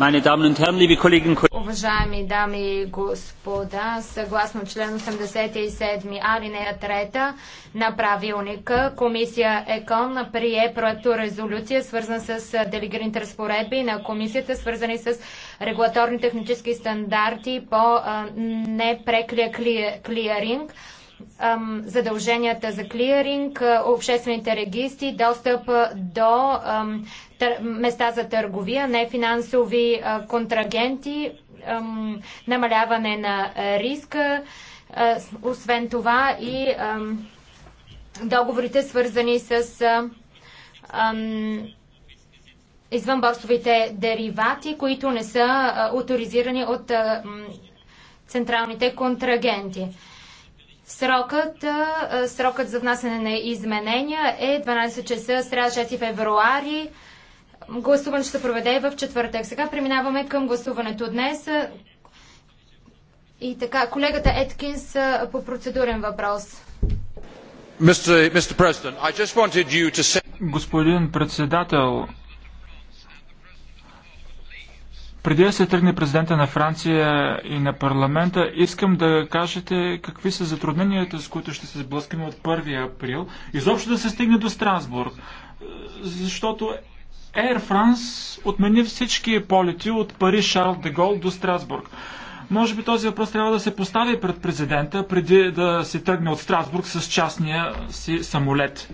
Уважаеми дами и господа, съгласно член 87 алинея 3 на правилника, комисия ЕКОН прие проекто резолюция, свързан с делегираните разпоредби на комисията, свързани с регулаторни технически стандарти по непреклия клиринг задълженията за клиринг, обществените регистри, достъп до места за търговия, нефинансови контрагенти, намаляване на риска, освен това и договорите свързани с извънборсовите деривати, които не са авторизирани от централните контрагенти. Срокът, срокът за внасяне на изменения е 12 часа сряда 6 февруари. Гласуването ще се проведе в четвъртък. Сега преминаваме към гласуването днес. И така, колегата Еткинс по процедурен въпрос. Господин председател, преди да се тръгне президента на Франция и на парламента, искам да кажете какви са затрудненията, с които ще се сблъскаме от 1 април, изобщо да се стигне до Страсбург. Защото Air France отмени всички полети от Париж Шарл де Гол до Страсбург. Може би този въпрос трябва да се постави пред президента, преди да се тръгне от Страсбург с частния си самолет.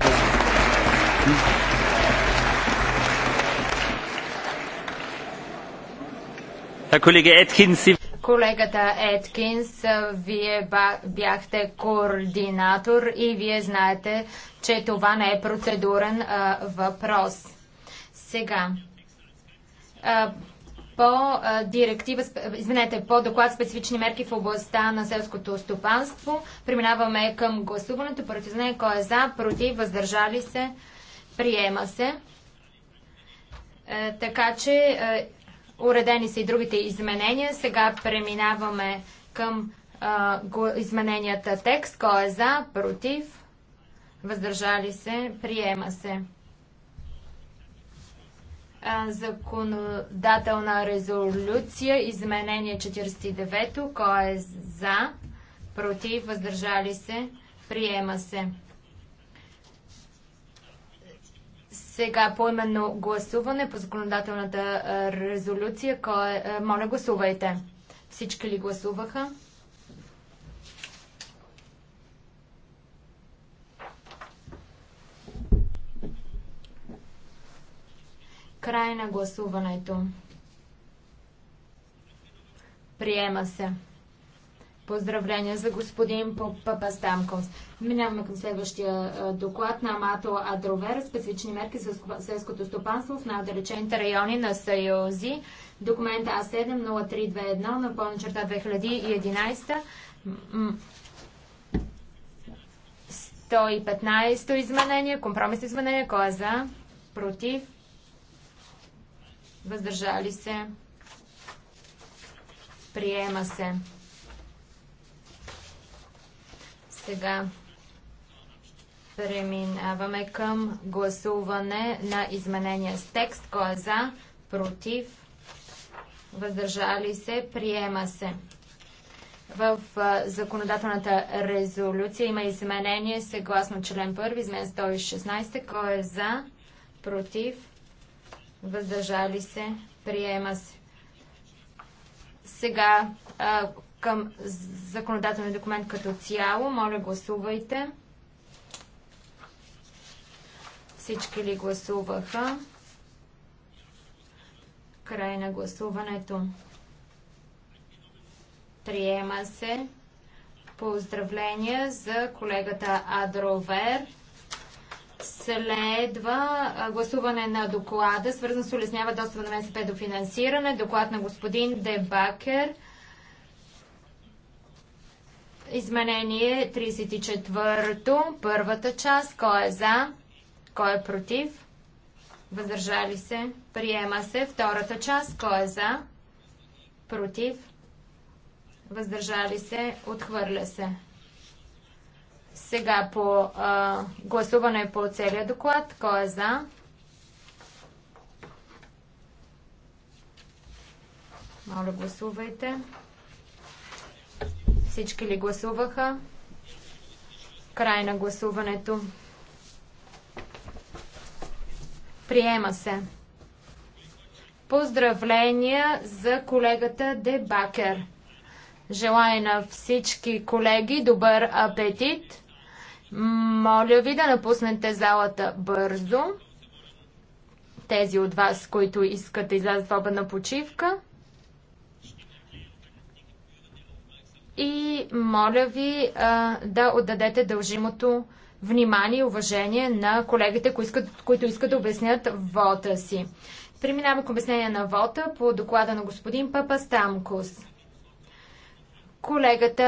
Колегата Еткинс, вие бяхте координатор и вие знаете, че това не е процедурен а, въпрос. Сега, а, по директива, извинете, по доклад специфични мерки в областта на селското стопанство, преминаваме към гласуването. знае кой е за, против, въздържали се, приема се. Е, така че е, Уредени са и другите изменения. Сега преминаваме към а, измененията текст. Кой е за, против, въздържали се, приема се. А, законодателна резолюция, изменение 49. Кой е за, против, въздържали се, приема се. Сега по именно гласуване по законодателната резолюция. Кой, моля, гласувайте. Всички ли гласуваха? Край на гласуването. Приема се. Поздравления за господин Папастамков. Минаваме към следващия доклад на Амато Адровер. Специфични мерки за селското стопанство в най-отдалечените райони на Съюзи. Документ А7-0321 на пълна черта 2011. 115 изменение, компромис изменение. Кой е за? Против? Въздържали се? Приема се. Сега преминаваме към гласуване на изменения с текст. Кой е за? Против? Въздържали се? Приема се. В законодателната резолюция има изменение съгласно член 1, измен 116. Кой е за? Против? Въздържали се? Приема се. Сега към законодателния документ като цяло. Моля, гласувайте. Всички ли гласуваха? Край на гласуването. Приема се. Поздравления за колегата Адровер. Следва гласуване на доклада, свързан с улеснява достъп на МСП до финансиране. Доклад на господин Дебакер. Изменение 34-то, първата част. Кой е за? Кой е против? Въздържали се? Приема се. Втората част. Кой е за? Против? Въздържали се? Отхвърля се. Сега по а, гласуване по целия доклад. Кой е за? Моля, гласувайте. Всички ли гласуваха? Край на гласуването. Приема се. Поздравления за колегата Дебакер. Желая на всички колеги добър апетит. Моля ви да напуснете залата бързо. Тези от вас, които искат да излязат в обедна почивка. И моля ви а, да отдадете дължимото внимание и уважение на колегите, които искат, които искат да обяснят вота си. Преминаваме към обяснение на вота по доклада на господин Папа Стамкус. Колегата